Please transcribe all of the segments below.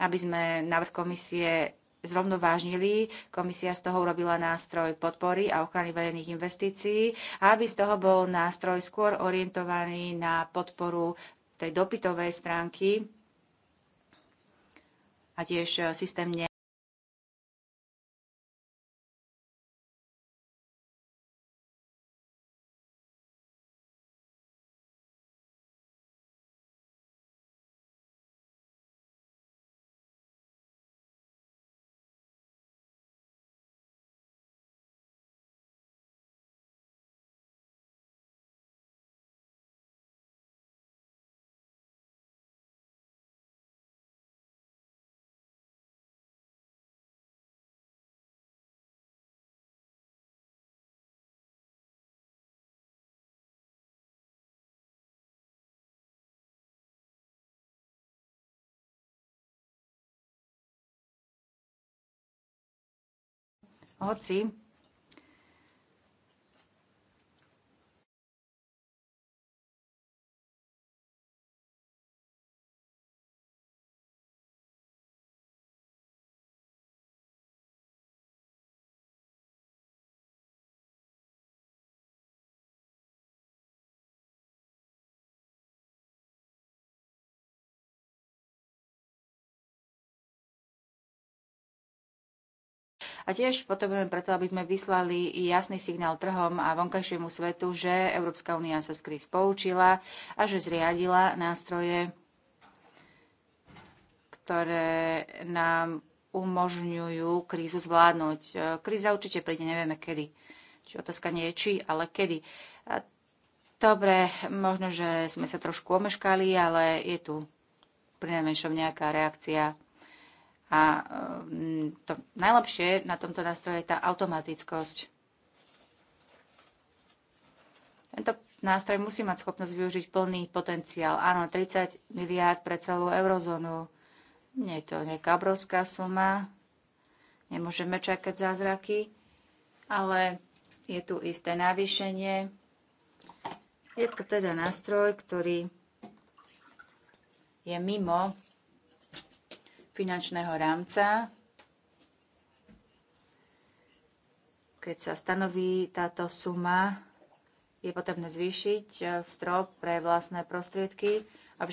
aby sme návrh komisie zrovnovážnili. Komisia z toho urobila nástroj podpory a ochrany verejných investícií, aby z toho bol nástroj skôr orientovaný na podporu tej dopytovej stránky a tiež systémne. Hoci A tiež potrebujeme preto, aby sme vyslali jasný signál trhom a vonkajšiemu svetu, že Európska únia sa z kríz poučila a že zriadila nástroje, ktoré nám umožňujú krízu zvládnuť. E, kríza určite príde, nevieme kedy. či otázka nie je či, ale kedy. E, dobre, možno, že sme sa trošku omeškali, ale je tu prinajmenšom nejaká reakcia a mm, to najlepšie na tomto nástroje je tá automatickosť. Tento nástroj musí mať schopnosť využiť plný potenciál. Áno, 30 miliárd pre celú eurozónu. Nie je to nejaká obrovská suma. Nemôžeme čakať zázraky, ale je tu isté navýšenie. Je to teda nástroj, ktorý je mimo finančného rámca, keď sa stanoví táto suma, je potrebné zvýšiť e, strop pre vlastné prostriedky a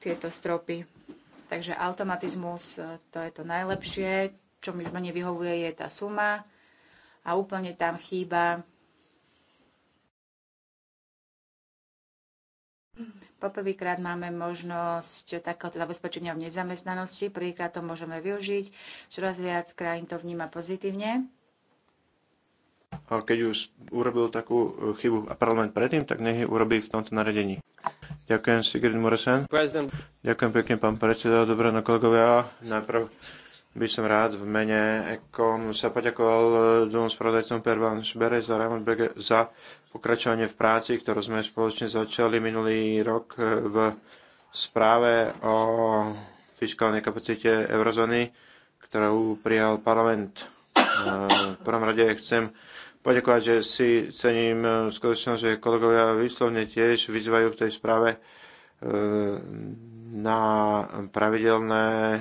tieto stropy. Takže automatizmus, e, to je to najlepšie. Čo mi už vyhovuje, je tá suma. A úplne tam chýba Poprvýkrát máme možnosť takéhoto zabezpečenia v nezamestnanosti, prvýkrát to môžeme využiť, čoraz viac krajín to vníma pozitívne. A keď už urobil takú e, chybu a parlament predtým, tak nech ju urobí v tomto naredení. Ďakujem Sigrid Moresen. President. Ďakujem pekne, pán predseda. Dobre, no kolegovia. Najprv by som rád v mene Ekon sa poďakoval dvom spravodajcom Pervan Šbere za Raymond Bege za pokračovanie v práci, ktorú sme spoločne začali minulý rok v správe o fiskálnej kapacite eurozóny, ktorú prijal parlament. V prvom rade chcem poďakovať, že si cením skutočnosť, že kolegovia výslovne tiež vyzývajú v tej správe eh, na pravidelné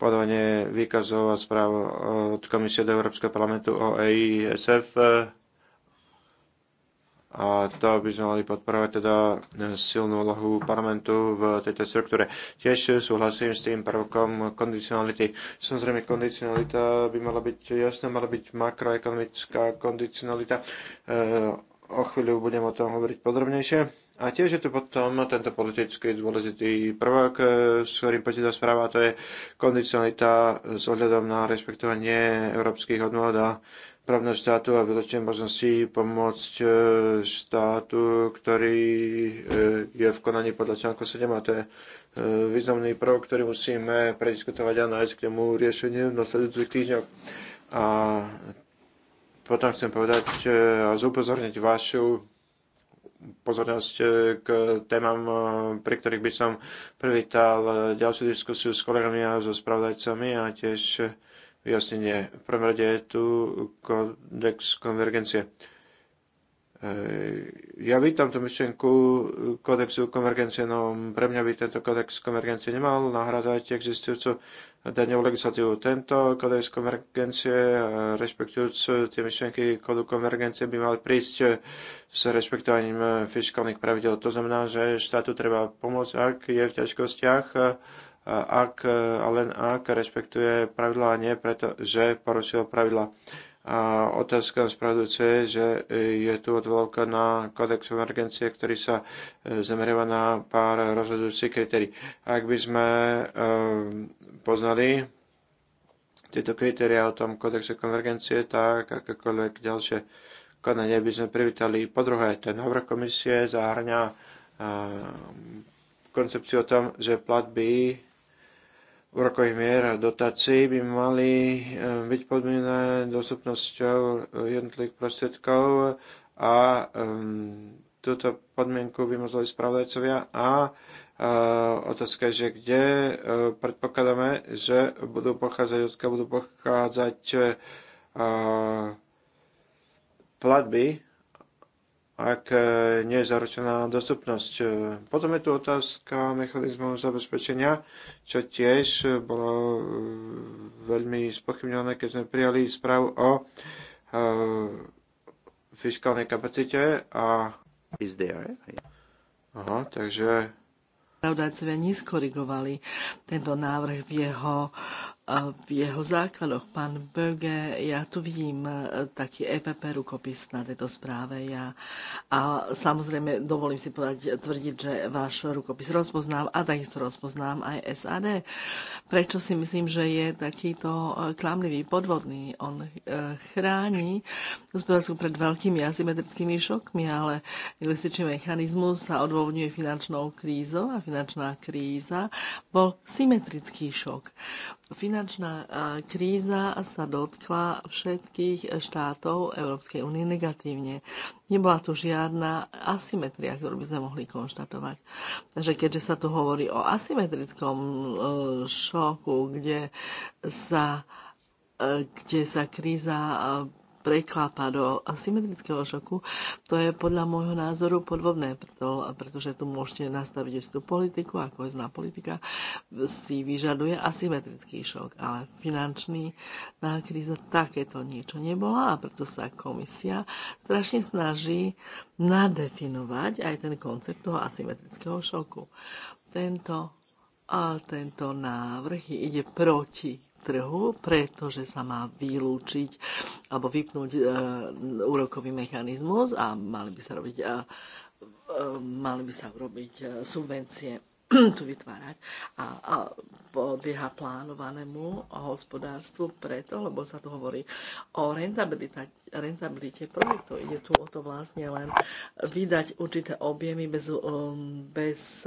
podanie výkazov a správ eh, od Komisie do Európskeho parlamentu o EISF. A to by sme mali podporovať teda eh, silnú úlohu parlamentu v tejto struktúre. Tiež súhlasím s tým prvkom kondicionality. Samozrejme, kondicionalita by mala byť jasná, mala byť makroekonomická kondicionalita. Eh, o chvíľu budem o tom hovoriť podrobnejšie. A tiež je tu potom tento politicky dôležitý prvok, e, s ktorým počíta správa, to je kondicionalita s ohľadom na rešpektovanie európskych hodnôt a právneho štátu a výročnej možnosti pomôcť e, štátu, ktorý e, je v konaní podľa článku 7 a to je významný prvok, ktorý musíme prediskutovať a nájsť k tomu riešenie v nasledujúcich týždňoch. A potom chcem povedať a zúpozorniť vašu pozornosť eh, k témam, eh, pri ktorých by som privítal eh, ďalšiu diskusiu s kolegami a so spravodajcami a tiež vyjasnenie. V prvom rade je tu kodex konvergencie Ehm, ja vítam tú myšlienku eh, kodexu konvergencie, no pre mňa by tento kodex konvergencie nemal nahradzať existujúcu daňovú legislatívu. Tento kodex konvergencie, eh, rešpektujúc eh, tie myšlienky kodu konvergencie, by mali prísť s rešpektovaním fiskálnych pravidel. To znamená, že štátu treba pomôcť, ak je v ťažkostiach, ak, a len ak rešpektuje pravidla a nie preto, že porušil pravidla. A otázka spravdujúce je, že e, je tu odvolávka na kodex emergencie, ktorý sa e, zameriava na pár rozhodujúcich kritérií. Ak by sme e, poznali tieto kritéria o tom kodexe konvergencie, tak akékoľvek ďalšie konanie by sme privítali. Po druhé, ten návrh komisie zahrňa koncepciu o tom, že platby úrokových mier a dotácií by mali e, byť podmienené dostupnosťou jednotlivých prostriedkov a um, túto podmienku vymozili spravodajcovia a e, otázka je, že kde e, predpokladáme, že budú pochádzať, odkiaľ budú pochádzať platby ak e, nie je zaručená dostupnosť. E, potom je tu otázka mechanizmu zabezpečenia, čo tiež bolo e, veľmi spochybňované, keď sme prijali správu o fiskálnej kapacite a Is there? Aha, takže Pravdácovia neskorigovali tento návrh v jeho v jeho základoch. Pán Böge, ja tu vidím e, taký EPP rukopis na tejto správe. Ja, a samozrejme, dovolím si podať, tvrdiť, že váš rukopis rozpoznám a takisto rozpoznám aj SAD. Prečo si myslím, že je takýto e, klamlivý, podvodný? On e, chráni hospodárstvo pred veľkými asymetrickými šokmi, ale investičný mechanizmus sa odôvodňuje finančnou krízou a finančná kríza bol symetrický šok. Finančná e, kríza sa dotkla všetkých štátov Európskej únie negatívne. Nebola tu žiadna asymetria, ktorú by sme mohli konštatovať. Takže keďže sa tu hovorí o asymetrickom e, šoku, kde sa, e, kde sa kríza preklapa do asymetrického šoku, to je podľa môjho názoru podvodné, pretože tu môžete nastaviť tú politiku je zná politika si vyžaduje asymetrický šok, ale finančný kríza takéto niečo nebola a preto sa komisia strašne snaží nadefinovať aj ten koncept toho asymetrického šoku. Tento a tento návrh ide proti trhu, pretože sa má vylúčiť alebo vypnúť e, úrokový mechanizmus a mali by sa robiť e, e mali by sa e, subvencie tu vytvárať a, a podlieha plánovanému hospodárstvu preto, lebo sa tu hovorí o rentabilite, rentabilite projektov. Ide tu o to vlastne len vydať určité objemy bez, um, bez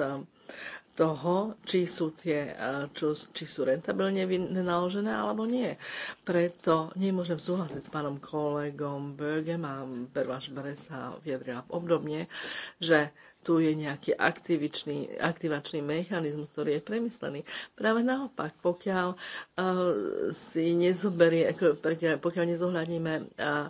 toho, či sú, tie, e, čo, či sú rentabilne naložené alebo nie. Preto nemôžem súhlasiť s pánom kolegom Bögem a Berváš Bresa sa vyjadrila obdobne, že tu je nejaký aktivačný mechanizmus, ktorý je premyslený. Práve naopak, pokiaľ uh, si nezoberie, pokiaľ nezohľadníme uh,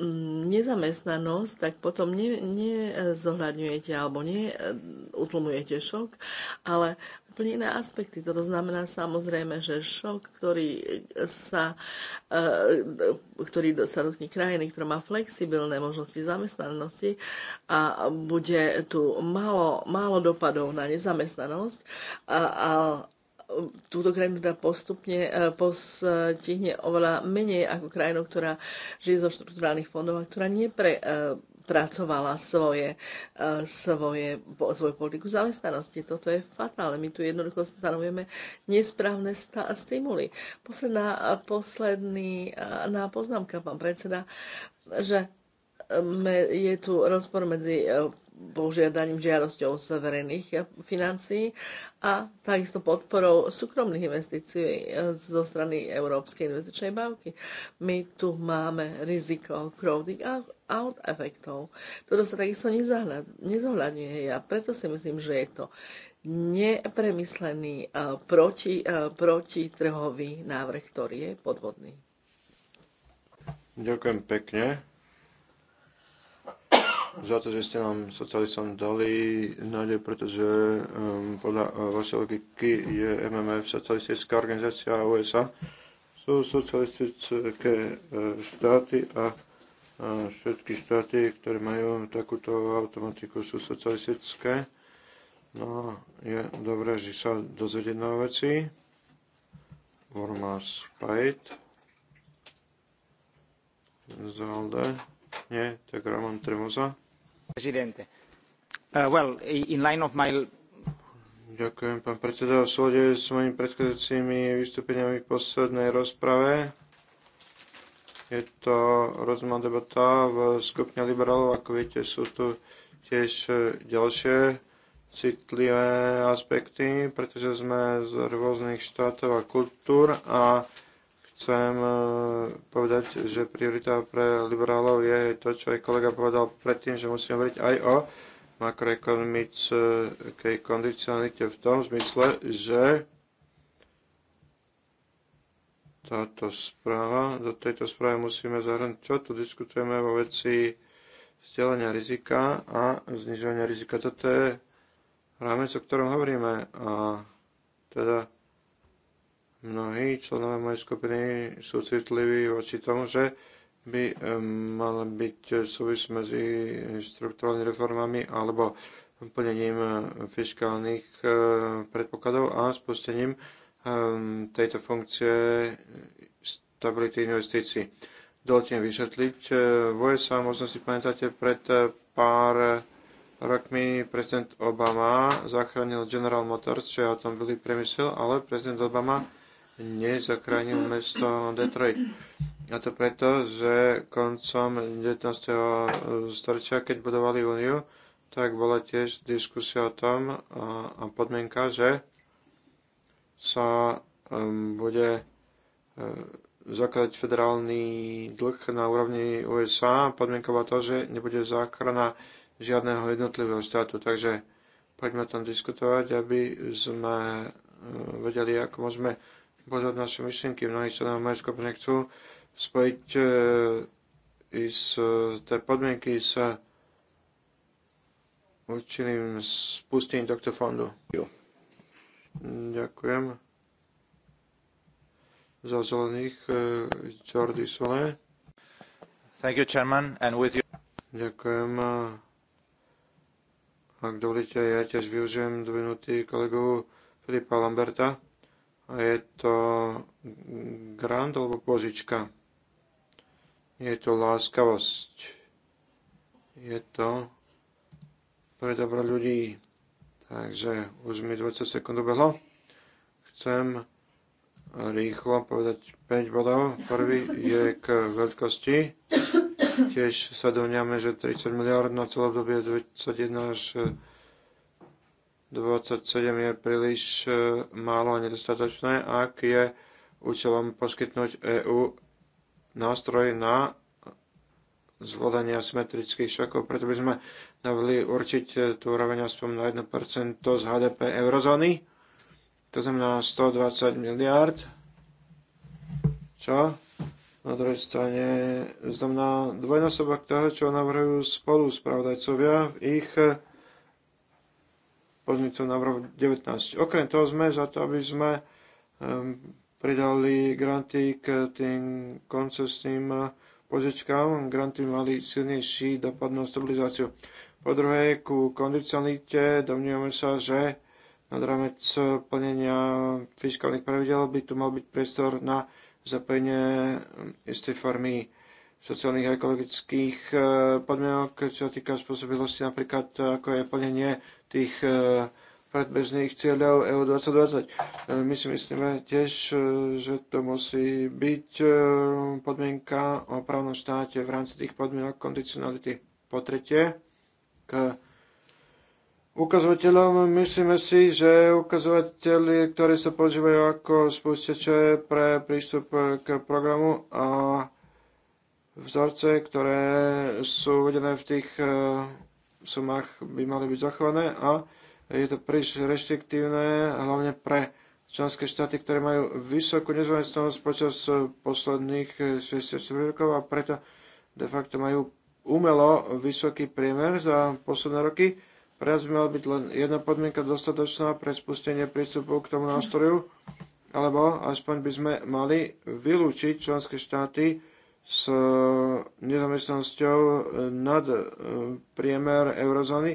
Mm, nezamestnanosť, tak potom ne, nezohľadňujete alebo neutlmujete šok, ale úplne iné aspekty. To znamená samozrejme, že šok, ktorý sa, e, ktorý sa dotkne krajiny, ktorá má flexibilné možnosti zamestnanosti a bude tu málo, málo dopadov na nezamestnanosť, a, a, túto krajinu teda postupne e, postihne oveľa menej ako krajinu, ktorá žije zo štruktúrálnych fondov a ktorá pracovala svoje, e, svoje, svoju politiku zamestnanosti. Toto je fatálne. My tu jednoducho stanovujeme nesprávne stimuly. Posledná, posledný na poznámka, pán predseda, že e, je tu rozpor medzi požiadaním žiadosťou z verejných financií a takisto podporou súkromných investícií e, zo strany Európskej investičnej banky. My tu máme riziko crowding out efektov. Toto sa takisto nezohľadňuje a preto si myslím, že je to nepremyslený e, proti, e, protitrhový návrh, ktorý je podvodný. Ďakujem pekne za to, že ste nám socialistom dali nádej, pretože um, podľa uh, vašej logiky je MMF socialistická organizácia a USA. Sú socialistické uh, štáty a uh, všetky štáty, ktoré majú takúto automatiku, sú socialistické. No, je dobré, že sa dozvedieť na veci. Vorma Spajt. Zalde tak uh, Ďakujem, pán predseda. V súlade s mojimi predchádzajúcimi vystúpeniami v poslednej rozprave je to rozumná debata v skupine liberálov. Ako viete, sú tu tiež ďalšie citlivé aspekty, pretože sme z rôznych štátov a kultúr a chcem e, povedať, že priorita pre liberálov je to, čo aj kolega povedal predtým, že musíme hovoriť aj o makroekonomickej kondicionalite v tom zmysle, že táto správa, do tejto správy musíme zahrnúť, čo tu diskutujeme vo veci vzdelania rizika a znižovania rizika. Toto je rámec, o ktorom hovoríme. A teda mnohí členové mojej skupiny sú citliví voči tomu, že by eh, mal byť súvis medzi štruktúrnymi reformami alebo plnením eh, fiskálnych eh, predpokladov a spustením tejto funkcie stability investícií. Dovolte mi vysvetliť. V USA, možno si pamätáte, pred pár rokmi prezident Obama zachránil General Motors, čo je automobilový priemysel, ale prezident Obama nezakránil mesto Detroit. A to preto, že koncom 19. storočia, keď budovali úniu, tak bola tiež diskusia o tom a podmienka, že sa um, bude e, zakladať federálny dlh na úrovni USA. Podmienka bola to, že nebude záchrana žiadneho jednotlivého štátu. Takže poďme tam diskutovať, aby sme e, vedeli, ako môžeme podľa naše myšlienky mnohí členov mojej skupiny chcú spojiť e, i s e, tie podmienky s určeným spustením tohto fondu. Ďakujem. Za zelených e, Jordi Sole. Thank you, Chairman, and with you. Ďakujem. Ak dovolíte, ja tiež využijem dve minúty kolegu Filipa Lamberta a je to grant alebo požička. Je to láskavosť. Je to pre dobro ľudí. Takže už mi 20 sekúnd ubehlo. Chcem rýchlo povedať 5 bodov. Prvý je k veľkosti. Tiež sa domňame, že 30 miliard na celé obdobie 21 až 27 je príliš e, málo a nedostatočné, ak je účelom poskytnúť EÚ nástroj na zvládanie asymetrických šokov, preto by sme navrhli určiť e, tú úroveň aspoň na 1% z HDP eurozóny, to znamená 120 miliard, čo na druhej strane znamená dvojnásobok toho, čo navrhujú spolu spravodajcovia v ich na rok 19. Okrem toho sme za to, aby sme ehm, pridali granty k tým koncesným eh, požičkám. Granty mali silnejší dopad na stabilizáciu. Po druhé, ku kondicionalite domnívame sa, že nad rámec plnenia fiskálnych pravidel by tu mal byť priestor na zapojenie ehm, istej formy sociálnych a ekologických eh, podmienok, čo sa týka spôsobilosti napríklad eh, ako je plnenie tých e, predbežných cieľov EU 2020. E, my si myslíme tiež, e, že to musí byť podmienka o právnom štáte v rámci tých podmienok kondicionality. Po tretie, k ukazovateľom myslíme si, že ukazovateľi, ktorí sa používajú ako spúšťače pre prístup k programu a vzorce, ktoré sú uvedené v tých sumách by mali byť zachované a je to príliš reštriktívne, hlavne pre členské štáty, ktoré majú vysokú nezvestnosť počas posledných 64 rokov a preto de facto majú umelo vysoký priemer za posledné roky. Pre nás by mala byť len jedna podmienka dostatočná pre spustenie prístupu k tomu nástroju, alebo aspoň by sme mali vylúčiť členské štáty s e, nezamestnanosťou e, nad e, priemer eurozóny.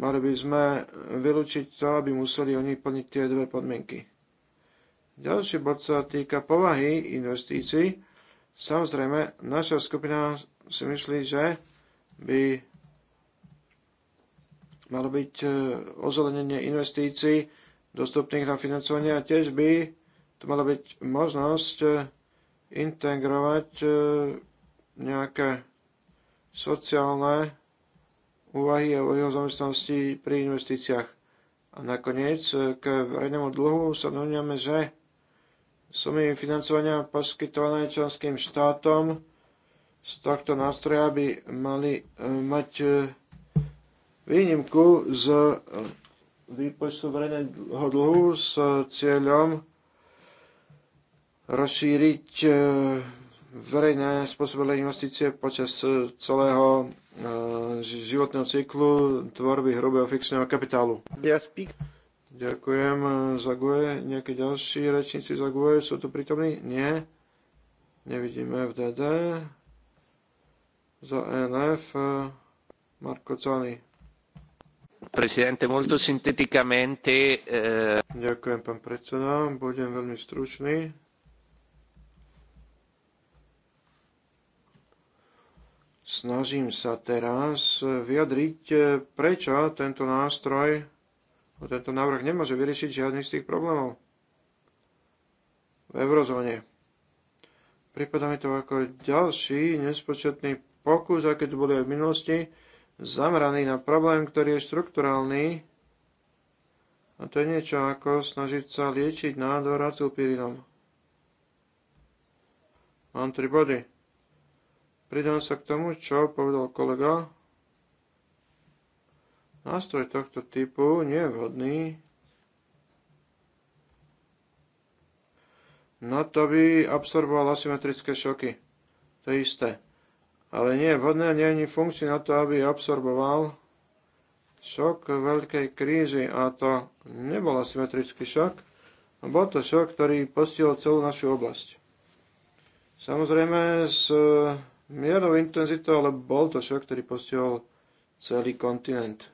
Mali by sme vylúčiť to, aby museli oni plniť tie dve podmienky. Ďalší bod sa týka povahy investícií. Samozrejme, naša skupina si myslí, že by malo byť ozelenenie investícií dostupných na financovanie a tiež by to mala byť možnosť integrovať e, nejaké sociálne úvahy a o jeho zamestnanosti pri investíciách. A nakoniec e, k verejnému dlhu sa domňame, že sumy financovania poskytované členským štátom z tohto nástroja by mali e, mať výnimku z výpočtu verejného dlhu s cieľom rozšíriť e, verejné spôsobilé investície počas e, celého e, životného cyklu tvorby hrubého fixného kapitálu. Ďakujem za GUE. Nejaké ďalší rečníci za GUE sú tu prítomní? Nie. Nevidíme FDD. Za ENF Marko Cani. Presidente, molto sinteticamente... Eh... Ďakujem, pán predseda. Budem veľmi stručný Snažím sa teraz vyjadriť, eh, prečo tento nástroj, tento návrh nemôže vyriešiť žiadny z tých problémov v eurozóne. Prípada mi to ako ďalší nespočetný pokus, aké tu boli aj v minulosti, zameraný na problém, ktorý je štrukturálny. A to je niečo ako snažiť sa liečiť nádor acilpirinom. Mám tri body. Pridám sa k tomu, čo povedal kolega. Nástroj tohto typu nie je vhodný na to, aby absorboval asymetrické šoky. To je isté. Ale nie je vhodné, nie je ani funkčný na to, aby absorboval šok veľkej krízy a to nebol asymetrický šok. Bol to šok, ktorý postihol celú našu oblasť. Samozrejme s miernou intenzitou, ale bol to šok, ktorý postihol celý kontinent.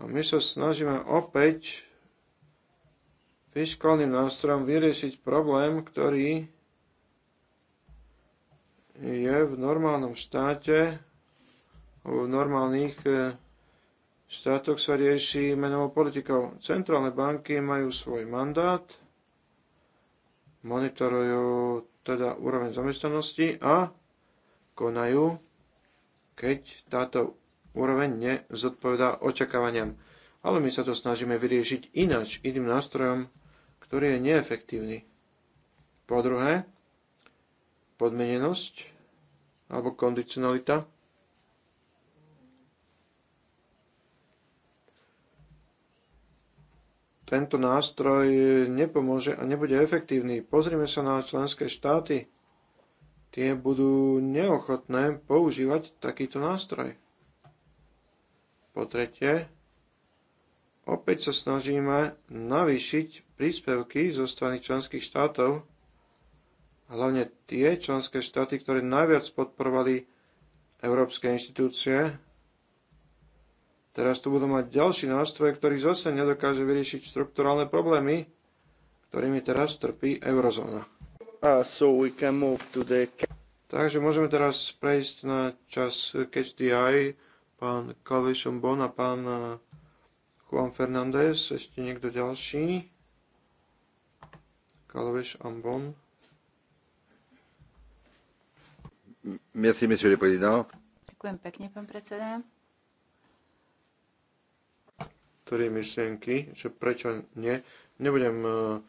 A my sa snažíme opäť fiskálnym nástrojom vyriešiť problém, ktorý je v normálnom štáte, v normálnych e, štátoch sa rieši menovou politikou. Centrálne banky majú svoj mandát, monitorujú teda úroveň zamestnanosti a konajú, keď táto úroveň nezodpovedá očakávaniam. Ale my sa to snažíme vyriešiť ináč, iným nástrojom, ktorý je neefektívny. Po druhé, podmenenosť alebo kondicionalita. Tento nástroj nepomôže a nebude efektívny. Pozrime sa na členské štáty tie budú neochotné používať takýto nástroj. Po tretie, opäť sa snažíme navýšiť príspevky zo strany členských štátov, hlavne tie členské štáty, ktoré najviac podporovali európske inštitúcie. Teraz tu budú mať ďalší nástroj, ktorý zase nedokáže vyriešiť štrukturálne problémy, ktorými teraz trpí eurozóna. Uh, so we can move to the... Takže môžeme teraz prejsť na čas Catch the Eye. Pán Calvi Šombon a pán uh, Juan Fernández. Ešte niekto ďalší? Calvi Ambon. Merci, monsieur le président. Ďakujem pekne, pán predseda tri myšlienky, že prečo nie. Nebudem uh,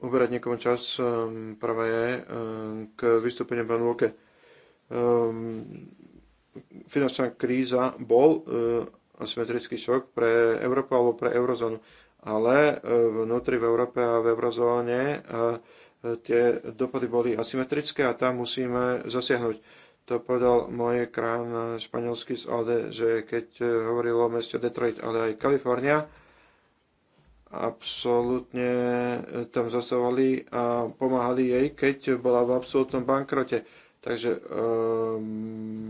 uberať niekomu čas. Ehm, práve je ehm, k vystúpeniu pán Luke. Ehm, finančná kríza bol eh, asymetrický šok pre Európu alebo pre eurozónu, ale eh, vnútri v Európe a v eurozóne eh, tie dopady boli asymetrické a tam musíme zasiahnuť. To povedal môj krán španielský z OD, že keď hovoril o meste Detroit, ale aj Kalifornia, absolútne eh, tam zasovali a pomáhali jej, keď bola v absolútnom bankrote. Takže e,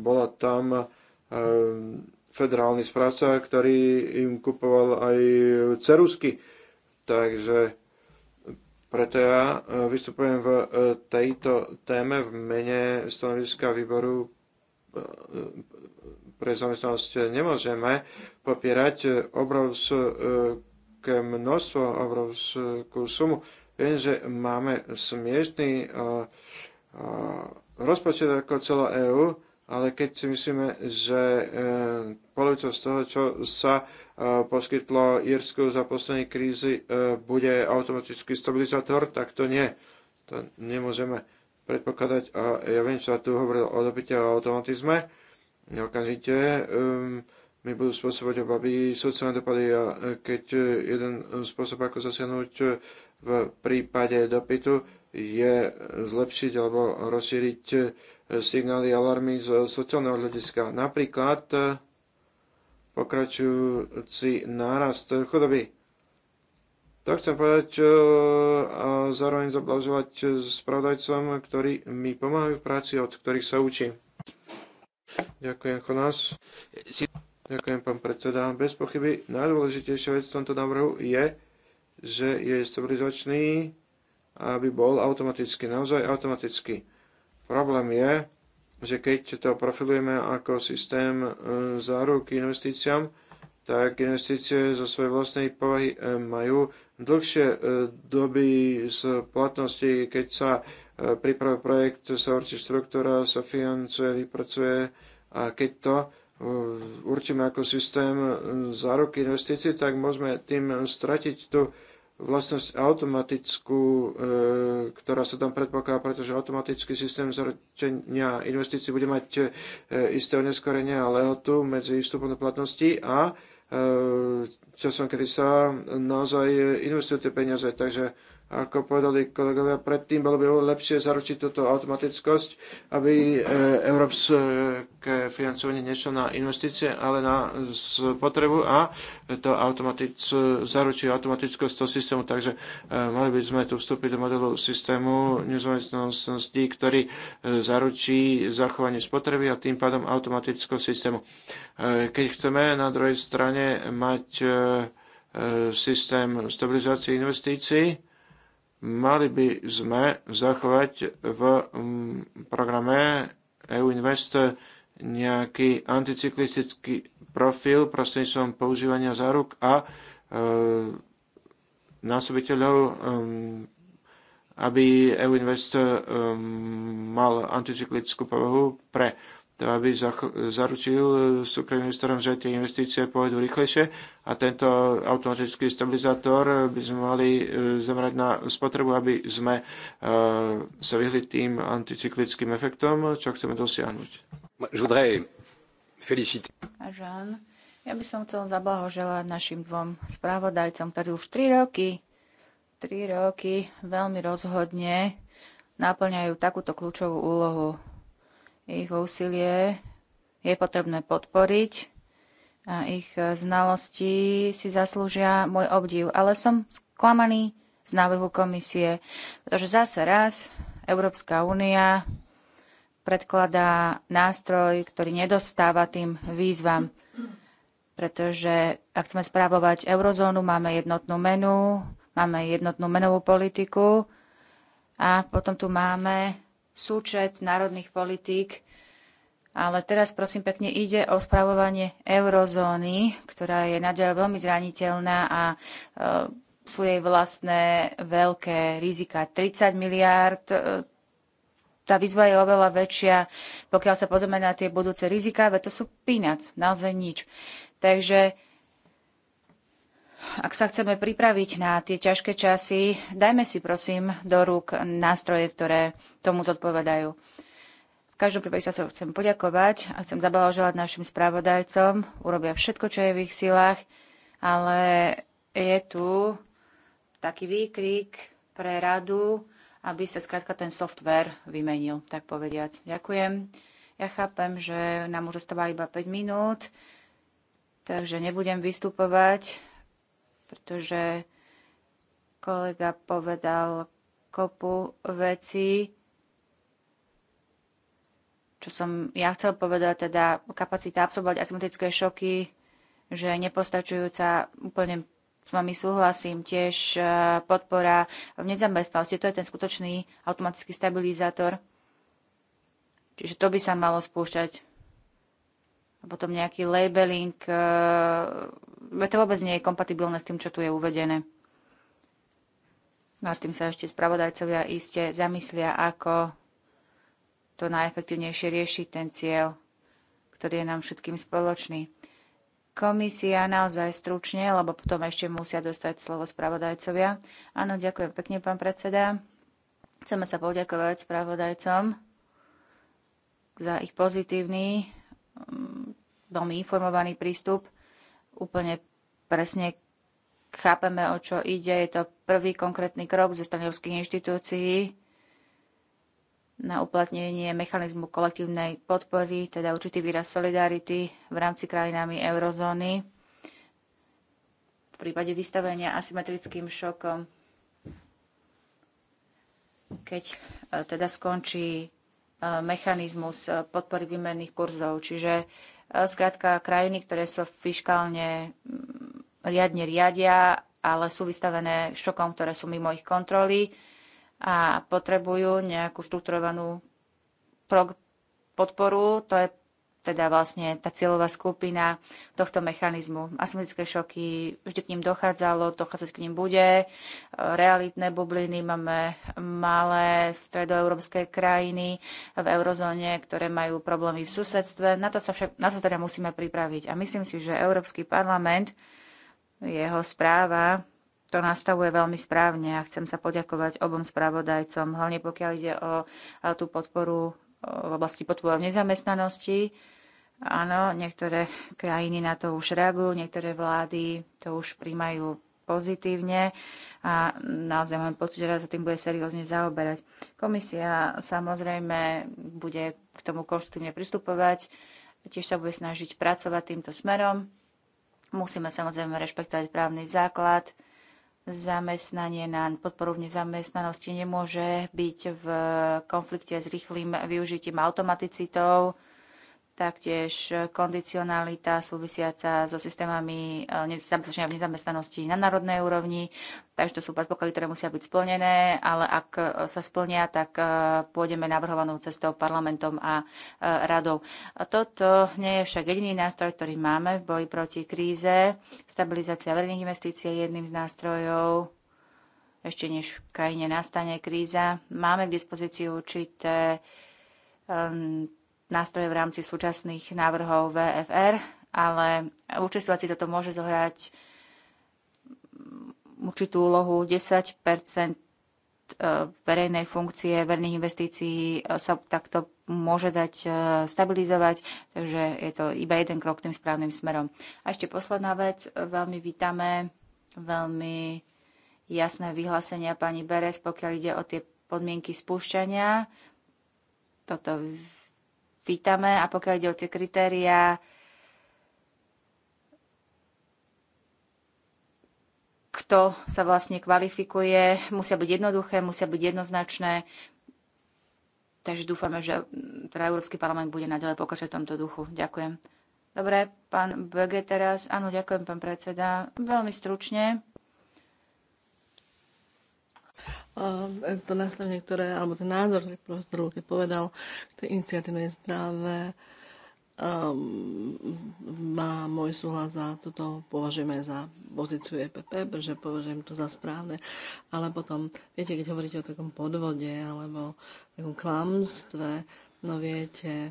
bola tam e, federálny správca, ktorý im kupoval aj cerusky. Takže preto ja eh, vystupujem v eh, tejto téme v mene stanoviska výboru pre zamestnanosť. Nemôžeme popierať obrovskú obrovské množstvo, obrovskú sumu. Viem, že máme smiešný eh, eh, rozpočet ako celá EÚ, ale keď si myslíme, že eh, polovica z toho, čo sa poskytlo Írsku za poslednej krízy, bude automatický stabilizátor, tak to nie. To nemôžeme predpokladať. A ja viem, čo tu hovoril o dobite o automatizme. Okamžite um, ehm, mi budú spôsobovať obavy sociálne dopady a e, keď e, jeden e, spôsob, ako zasiahnuť v prípade dopytu, je zlepšiť alebo rozšíriť signály alarmy z sociálneho hľadiska. Napríklad pokračujúci nárast chudoby. To chcem povedať a zároveň zablažovať spravodajcom, ktorí mi pomáhajú v práci, od ktorých sa učím. Ďakujem, Konás. Ďakujem, pán predseda. Bez pochyby najdôležitejšia vec v tomto návrhu je, že je stabilizačný, aby bol automaticky, naozaj automaticky. Problém je, že keď to profilujeme ako systém e, záruk investíciám, tak investície zo svojej vlastnej povahy e, majú dlhšie e, doby z platnosti, keď sa pripravuje projekt, sa určí štruktúra, sa financuje, vypracuje a keď to E, určíme ako systém e, záruky investícií, tak môžeme tým stratiť tú vlastnosť automatickú, e, ktorá sa tam predpokladá, pretože automatický systém zaručenia investícií bude mať isté oneskorenie a lehotu medzi vstupom do platnosti a časom, kedy sa naozaj investujú tie peniaze. Takže ako povedali kolegovia predtým, bolo by lepšie zaručiť túto automatickosť, aby e, európske financovanie nešlo na investície, ale na spotrebu a to automatic, zaručí automatickosť toho systému. Takže e, mali by sme tu vstúpiť do modelu systému nezamestnanosti, ktorý e, zaručí zachovanie spotreby a tým pádom automatickosť systému. Keď chceme na druhej strane mať systém stabilizácie investícií, mali by sme zachovať v mm, programe EU Invest nejaký anticyklistický profil prostredníctvom používania záruk a e, násobiteľov, e, aby EU Invest e, mal anticyklickú povahu pre aby zaručil e, súkromným investorom, že tie investície pôjdu rýchlejšie a tento automatický stabilizátor e, by sme mali e, zamerať na spotrebu, aby sme sa vyhli tým anticyklickým efektom, čo chceme dosiahnuť. Jean, ja by som chcel zablahoželať našim dvom správodajcom, ktorí už 3 roky, 3 roky veľmi rozhodne naplňajú takúto kľúčovú úlohu ich úsilie je potrebné podporiť a ich e, znalosti si zaslúžia môj obdiv. Ale som sklamaný z návrhu komisie, pretože zase raz Európska únia predkladá nástroj, ktorý nedostáva tým výzvam. Pretože ak chceme správovať eurozónu, máme jednotnú menu, máme jednotnú menovú politiku a potom tu máme súčet národných politík, ale teraz prosím pekne ide o spravovanie eurozóny, ktorá je naďalej veľmi zraniteľná a e, sú jej vlastné veľké rizika. 30 miliárd, e, tá výzva je oveľa väčšia, pokiaľ sa pozrieme na tie budúce rizika, veď to sú pínac, naozaj nič. Takže ak sa chceme pripraviť na tie ťažké časy, dajme si prosím do rúk nástroje, ktoré tomu zodpovedajú. V každom prípade sa chcem poďakovať a chcem zablahoželať našim správodajcom. Urobia všetko, čo je v ich silách, ale je tu taký výkrik pre radu, aby sa skrátka ten software vymenil, tak povediac. Ďakujem. Ja chápem, že nám už zostáva iba 5 minút, takže nebudem vystupovať pretože kolega povedal kopu vecí, čo som ja chcel povedať, teda kapacita absorbovať asymetrické šoky, že nepostačujúca, úplne s vami súhlasím, tiež e, podpora v nezamestnanosti, to je ten skutočný automatický stabilizátor. Čiže to by sa malo spúšťať potom nejaký labeling, e, to vôbec nie je kompatibilné s tým, čo tu je uvedené. Nad no tým sa ešte spravodajcovia iste zamyslia, ako to najefektívnejšie riešiť ten cieľ, ktorý je nám všetkým spoločný. Komisia naozaj stručne, lebo potom ešte musia dostať slovo spravodajcovia. Áno, ďakujem pekne, pán predseda. Chceme sa poďakovať spravodajcom za ich pozitívny Um, veľmi informovaný prístup. Úplne presne chápeme, o čo ide. Je to prvý konkrétny krok ze stanovských inštitúcií na uplatnenie mechanizmu kolektívnej podpory, teda určitý výraz solidarity v rámci krajinami eurozóny v prípade vystavenia asymetrickým šokom, keď e, teda skončí E, mechanizmus e, podpory výmenných kurzov. Čiže e, zkrátka krajiny, ktoré sa so fiskálne mm, riadne riadia, ale sú vystavené šokom, ktoré sú mimo ich kontroly a potrebujú nejakú štrukturovanú podporu. To je teda vlastne tá cieľová skupina tohto mechanizmu. Asymetrické šoky, vždy k ním dochádzalo, dochádzať k ním bude. Realitné bubliny máme malé stredoeurópske krajiny v eurozóne, ktoré majú problémy v susedstve. Na to sa, však, na to teda musíme pripraviť. A myslím si, že Európsky parlament, jeho správa, to nastavuje veľmi správne a chcem sa poďakovať obom spravodajcom, hlavne pokiaľ ide o tú podporu v oblasti podpora nezamestnanosti. Áno, niektoré krajiny na to už reagujú, niektoré vlády to už príjmajú pozitívne a naozaj mám pocit, že sa tým bude seriózne zaoberať. Komisia samozrejme bude k tomu konštruktívne pristupovať, tiež sa bude snažiť pracovať týmto smerom. Musíme samozrejme rešpektovať právny základ, zamestnanie na podporu v nezamestnanosti nemôže byť v konflikte s rýchlým využitím automaticitou taktiež kondicionalita súvisiaca so systémami e, zabezpečenia v nezamestnanosti na národnej úrovni. Takže to sú predpoklady, ktoré musia byť splnené, ale ak e, sa splnia, tak e, pôjdeme navrhovanou cestou parlamentom a radou. Toto nie je však jediný nástroj, ktorý máme v boji proti kríze. Stabilizácia verejných investícií je jedným z nástrojov ešte než v krajine nastane kríza. Máme k dispozícii určité um, nástroje v rámci súčasných návrhov VFR, ale určite situácii toto môže zohrať určitú úlohu 10 e, verejnej funkcie, verných investícií e, sa takto môže dať e, stabilizovať, takže je to iba jeden krok tým správnym smerom. A ešte posledná vec, veľmi vítame, veľmi jasné vyhlásenia pani Beres, pokiaľ ide o tie podmienky spúšťania. Toto vítame a pokiaľ ide o tie kritériá, kto sa vlastne kvalifikuje, musia byť jednoduché, musia byť jednoznačné. Takže dúfame, že teda Európsky parlament bude naďalej pokračovať v tomto duchu. Ďakujem. Dobre, pán Böge teraz. Áno, ďakujem, pán predseda. Veľmi stručne. E, to nastavenie, ktoré, alebo ten názor, ktorý profesor Luke povedal k tej iniciatívnej správe, um, má môj súhlas za toto, považujeme za pozíciu EPP, pretože považujem to za správne. Ale potom, viete, keď hovoríte o takom podvode alebo takom klamstve, no viete, e,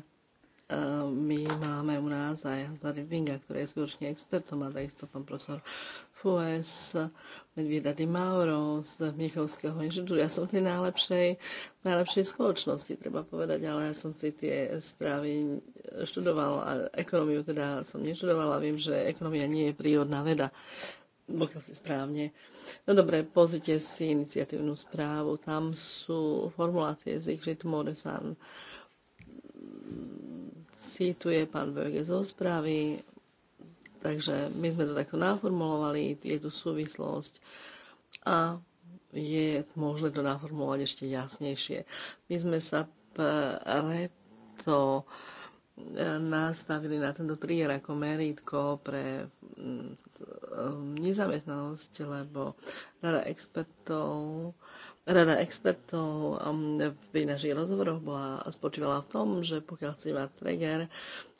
my máme u nás aj Hazary Vinga, ktorý je skutočne expertom a takisto pán profesor Fues, Medvieda de Mauro z Mnichovského inštitútu. Ja som v tej najlepšej, najlepšej spoločnosti, treba povedať, ale ja som si tie správy študovala, a ekonomiu teda som neštudovala, viem, že ekonomia nie je prírodná veda, pokiaľ si správne. No dobre, pozrite si iniciatívnu správu, tam sú formulácie z ich Modesan cituje pán Böge zo správy Takže my sme to takto naformulovali, je tu súvislosť a je možné to naformulovať ešte jasnejšie. My sme sa preto e, nastavili na tento trier ako meritko pre mm, e, nezamestnanosť, lebo rada expertov rada expertov pri našich rozhovoroch bola, spočívala v tom, že pokiaľ chcete mať trigger,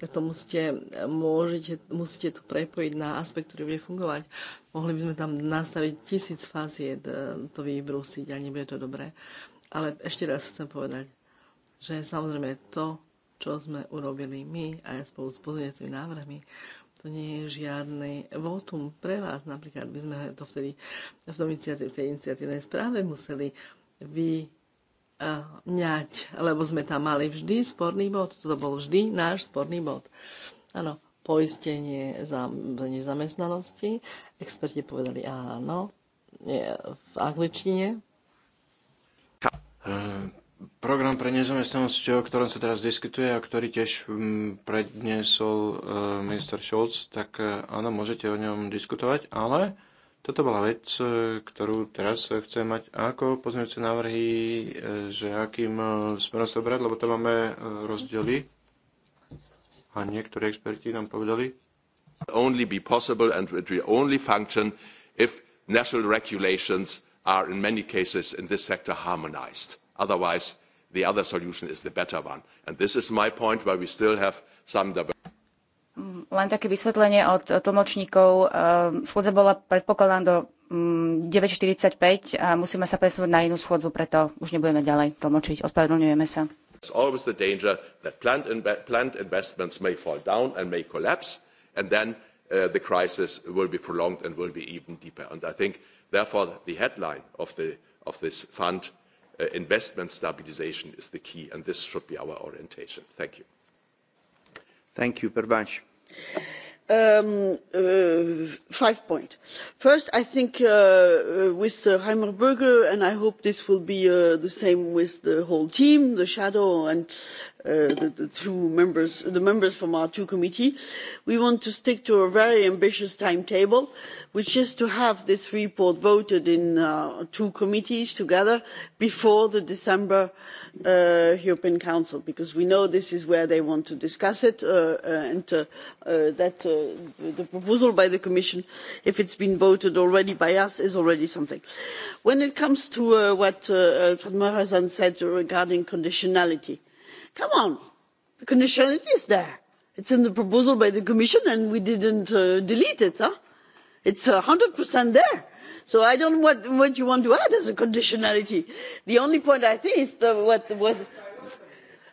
tak to musíte, môžete, musíte to prepojiť na aspekt, ktorý bude fungovať. Mohli by sme tam nastaviť tisíc faziet, e, to vybrúsiť a nebude to dobré. Ale ešte raz chcem povedať, že samozrejme to, čo sme urobili my aj spolu s pozornicami návrhmi, to nie je žiadny votum pre vás. Napríklad by sme to vtedy v, tom iniciatív, v tej iniciatívnej správe museli vyňať, lebo sme tam mali vždy sporný bod. Toto bol vždy náš sporný bod. Áno, poistenie za nezamestnanosti. Experti povedali áno, v angličtine program pre nezamestnanosť, o ktorom sa teraz diskutuje a ktorý tiež mm, predniesol e, minister Scholz, tak e, áno, môžete o ňom diskutovať, ale toto bola vec, e, ktorú teraz chcem mať ako pozmeňujúce návrhy, že akým smerom sa brať, lebo to máme rozdiely. A niektorí experti nám povedali. Only be possible and it will only function if national regulations are in many cases in this sector harmonized Otherwise, the other solution is the better one. And this is my point where we still have some mm, Len také vysvetlenie od tlmočníkov. Ehm, schôdza bola predpokladaná do 9.45 mm, a musíme sa presunúť na inú schôdzu, preto už nebudeme ďalej tlmočiť. Ospravedlňujeme sa. There's always the danger that plant, in plant investments may fall down and may collapse, and then uh, the crisis will be prolonged and will be even deeper. And I think, therefore, the headline of, the, of this fund uh, investment stabilization is the key, and this should be our orientation. Thank you. Thank you, very much. Um, uh, five points. First, I think uh, uh, with Heimer bge and I hope this will be uh, the same with the whole team, the shadow, and uh, the, the two members, the members from our two committees, we want to stick to a very ambitious timetable, which is to have this report voted in uh, two committees together before the December uh, European Council, because we know this is where they want to discuss it, uh, uh and uh, uh, that the proposal by the Commission, if it's been voted already by us, is already something. When it comes to what Alfred Morazan said regarding conditionality, come on, the conditionality is there. It's in the proposal by the Commission, and we didn't delete it. Huh? It's hundred there so i don't know what, what you want to add as a conditionality. the only point i think is the, what was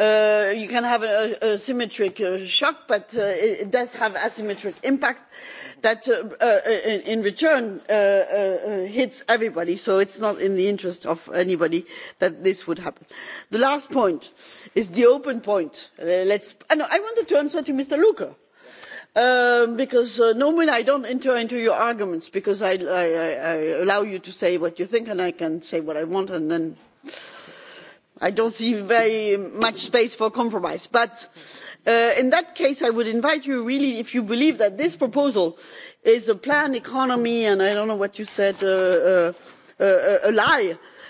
Uh, you can have a, a symmetric uh, shock but uh, it does have asymmetric impact that uh, uh, in, in return uh, hits everybody so it's not in the interest of anybody that this would happen. the last point is the open point. Let's, no, i wanted to answer to mr louca um, because normally i don't enter into your arguments because I, I, I allow you to say what you think and i can say what i want and then i don't see very much space for compromise but uh, in that case i would invite you really if you believe that this proposal is a planned economy and i don't know what you said uh, uh, uh a lie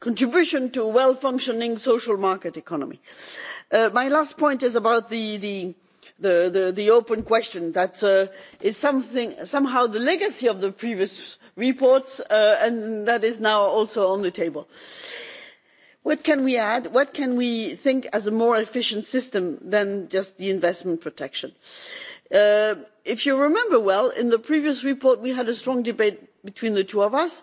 contribution to a well functioning social market economy. Uh, my last point is about the, the, the, the, the open question that uh, is something, somehow the legacy of the previous reports uh, and that is now also on the table. What can we add? What can we think as a more efficient system than just the investment protection? Uh, if you remember well, in the previous report we had a strong debate between the two of us.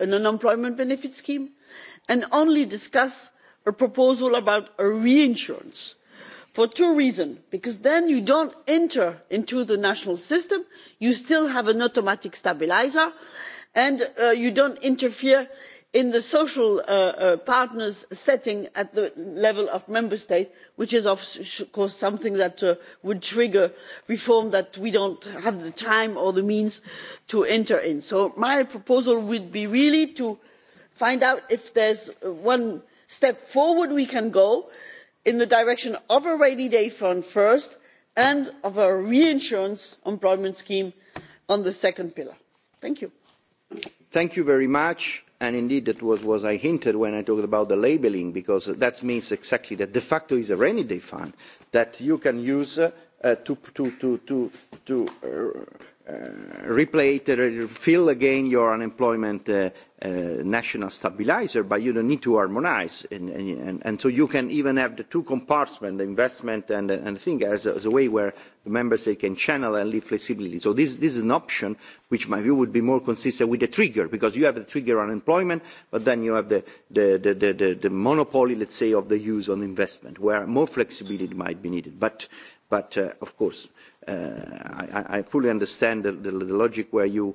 an unemployment benefit scheme and only discuss a proposal about a reinsurance for two reasons because then you don't enter into the national system you still have an automatic stabiliser and uh, you don't interfere in the social uh, uh, partners' setting at the level of member states which is of course something that uh, would trigger reform that we don't have the time or the means to enter into. so my proposal would be really to find out if there is uh, one step forward we can go in the direction of a rainy day fund first and of a reinsurance employment scheme on the second pillar. thank you and indeed that was what I hinted when I talked about the labelling, because that means exactly that de facto is a rainy day fund that you can use uh, to, to, to, to, to uh, uh, replay, to refill uh, again your unemployment uh, Uh, national stabilizer, but you don't need to harmonize. And, and, and so you can even have the two compartments, the investment and, and the thing, as, as a way where the member state can channel and leave flexibility. So this, this is an option which my view would be more consistent with the trigger, because you have the trigger on employment, but then you have the, the, the, the, the, the monopoly, let's say, of the use on investment, where more flexibility might be needed. But, but uh, of course, uh, I, I fully understand the, the, the logic where you